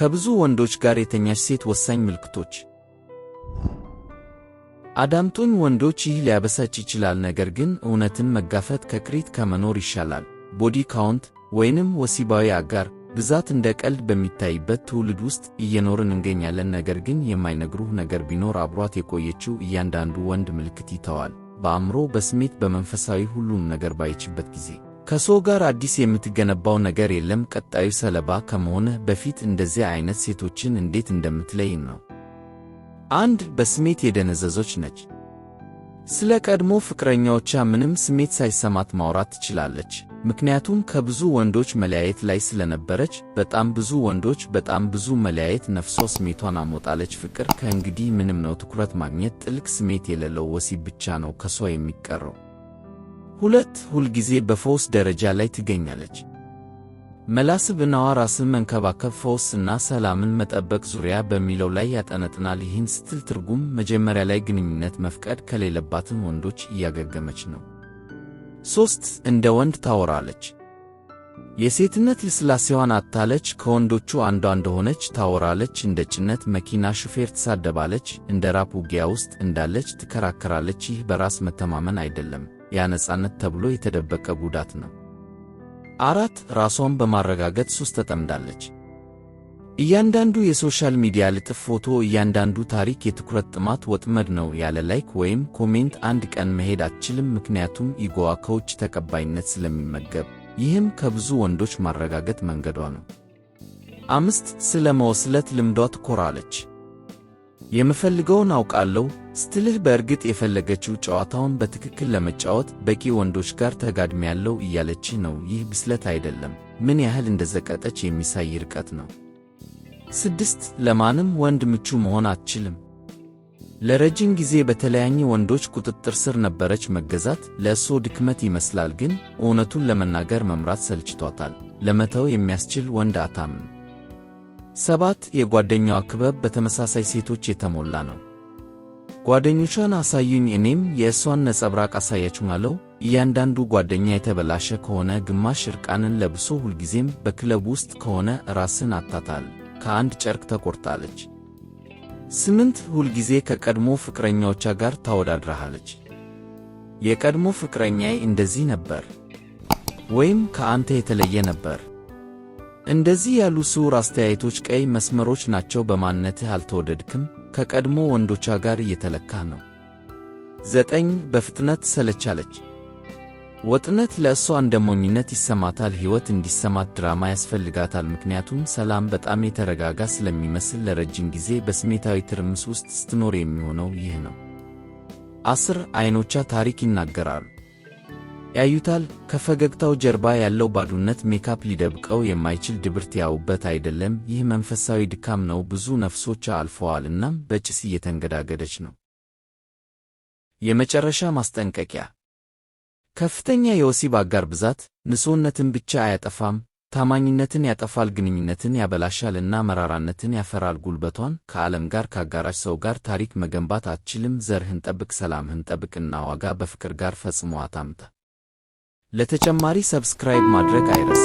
ከብዙ ወንዶች ጋር የተኛች ሴት ወሳኝ ምልክቶች። አዳምጡኝ ወንዶች፣ ይህ ሊያበሳጭ ይችላል፣ ነገር ግን እውነትን መጋፈት ከክሪት ከመኖር ይሻላል። ቦዲ ካውንት ወይንም ወሲባዊ አጋር ብዛት እንደ ቀልድ በሚታይበት ትውልድ ውስጥ እየኖርን እንገኛለን። ነገር ግን የማይነግሩህ ነገር ቢኖር አብሯት የቆየችው እያንዳንዱ ወንድ ምልክት ይተዋል። በአእምሮ፣ በስሜት፣ በመንፈሳዊ ሁሉም ነገር ባይችበት ጊዜ ከሰው ጋር አዲስ የምትገነባው ነገር የለም። ቀጣዩ ሰለባ ከመሆንህ በፊት እንደዚህ አይነት ሴቶችን እንዴት እንደምትለይ ነው። አንድ በስሜት የደነዘዘች ነች። ስለ ቀድሞ ፍቅረኛዎቿ ምንም ስሜት ሳይሰማት ማውራት ትችላለች። ምክንያቱም ከብዙ ወንዶች መለያየት ላይ ስለነበረች፣ በጣም ብዙ ወንዶች፣ በጣም ብዙ መለያየት ነፍሷ ስሜቷን አሞጣለች። ፍቅር ከእንግዲህ ምንም ነው፣ ትኩረት ማግኘት፣ ጥልቅ ስሜት የሌለው ወሲብ ብቻ ነው ከሷ የሚቀረው። ሁለት ሁልጊዜ በፈውስ ደረጃ ላይ ትገኛለች። መላስብናዋ ራስን መንከባከብ፣ ፈውስ እና ሰላምን መጠበቅ ዙሪያ በሚለው ላይ ያጠነጥናል። ይህን ስትል ትርጉም መጀመሪያ ላይ ግንኙነት መፍቀድ ከሌለባትን ወንዶች እያገገመች ነው። ሦስት እንደ ወንድ ታወራለች። የሴትነት ልስላሴዋን አታለች ከወንዶቹ አንዷ እንደሆነች ታወራለች። እንደ ጭነት መኪና ሹፌር ትሳደባለች። እንደ ራፕ ውጊያ ውስጥ እንዳለች ትከራከራለች። ይህ በራስ መተማመን አይደለም። ያነጻነት ተብሎ የተደበቀ ጉዳት ነው። አራት ራሷን በማረጋገጥ ሱስ ተጠምዳለች። እያንዳንዱ የሶሻል ሚዲያ ልጥፍ ፎቶ፣ እያንዳንዱ ታሪክ የትኩረት ጥማት ወጥመድ ነው። ያለ ላይክ ወይም ኮሜንት አንድ ቀን መሄድ አትችልም፣ ምክንያቱም ኢጎዋ ከውጭ ተቀባይነት ስለሚመገብ። ይህም ከብዙ ወንዶች ማረጋገጥ መንገዷ ነው። አምስት ስለ መወስለት ልምዷ ትኮራለች። የምፈልገውን አውቃለሁ ስትልህ በእርግጥ የፈለገችው ጨዋታውን በትክክል ለመጫወት በቂ ወንዶች ጋር ያለው እያለች ነው። ይህ ብስለት አይደለም፣ ምን ያህል እንደዘቀጠች የሚሳይ ርቀት ነው። ስድስት ለማንም ወንድ ምቹ መሆን አትችልም። ለረጅም ጊዜ በተለያየ ወንዶች ቁጥጥር ስር ነበረች። መገዛት ለእርስዎ ድክመት ይመስላል፣ ግን እውነቱን ለመናገር መምራት ሰልችቷታል። ለመተው የሚያስችል ወንድ አታምንም። ሰባት የጓደኛዋ ክበብ በተመሳሳይ ሴቶች የተሞላ ነው። ጓደኞቿን አሳዩኝ፣ እኔም የእሷን ነጸብራቅ አሳያችኋለሁ። እያንዳንዱ ጓደኛ የተበላሸ ከሆነ ግማሽ እርቃንን ለብሶ፣ ሁልጊዜም በክለብ ውስጥ ከሆነ ራስን አታታል። ከአንድ ጨርቅ ተቆርጣለች። ስምንት ሁልጊዜ ከቀድሞ ፍቅረኛዎቿ ጋር ታወዳድራሃለች። የቀድሞ ፍቅረኛዬ እንደዚህ ነበር ወይም ከአንተ የተለየ ነበር። እንደዚህ ያሉ ስውር አስተያየቶች ቀይ መስመሮች ናቸው። በማንነትህ አልተወደድክም። ከቀድሞ ወንዶቿ ጋር እየተለካ ነው። ዘጠኝ በፍጥነት ሰለቻለች። ወጥነት ለእሷ እንደ ሞኝነት ይሰማታል። ሕይወት እንዲሰማት ድራማ ያስፈልጋታል። ምክንያቱም ሰላም በጣም የተረጋጋ ስለሚመስል ለረጅም ጊዜ በስሜታዊ ትርምስ ውስጥ ስትኖር የሚሆነው ይህ ነው። አስር አይኖቿ ታሪክ ይናገራሉ። ያዩታል። ከፈገግታው ጀርባ ያለው ባዶነት ሜካፕ ሊደብቀው የማይችል ድብርት ያውበት አይደለም። ይህ መንፈሳዊ ድካም ነው። ብዙ ነፍሶች አልፈዋል፣ እናም በጭስ እየተንገዳገደች ነው። የመጨረሻ ማስጠንቀቂያ። ከፍተኛ የወሲብ አጋር ብዛት ንጹህነትን ብቻ አያጠፋም፣ ታማኝነትን ያጠፋል፣ ግንኙነትን ያበላሻል እና መራራነትን ያፈራል። ጉልበቷን ከዓለም ጋር ከአጋራሽ ሰው ጋር ታሪክ መገንባት አትችልም። ዘርህን ጠብቅ፣ ሰላምህን ጠብቅና ዋጋ በፍቅር ጋር ፈጽሞ አታምታ ለተጨማሪ ሰብስክራይብ ማድረግ አይረስ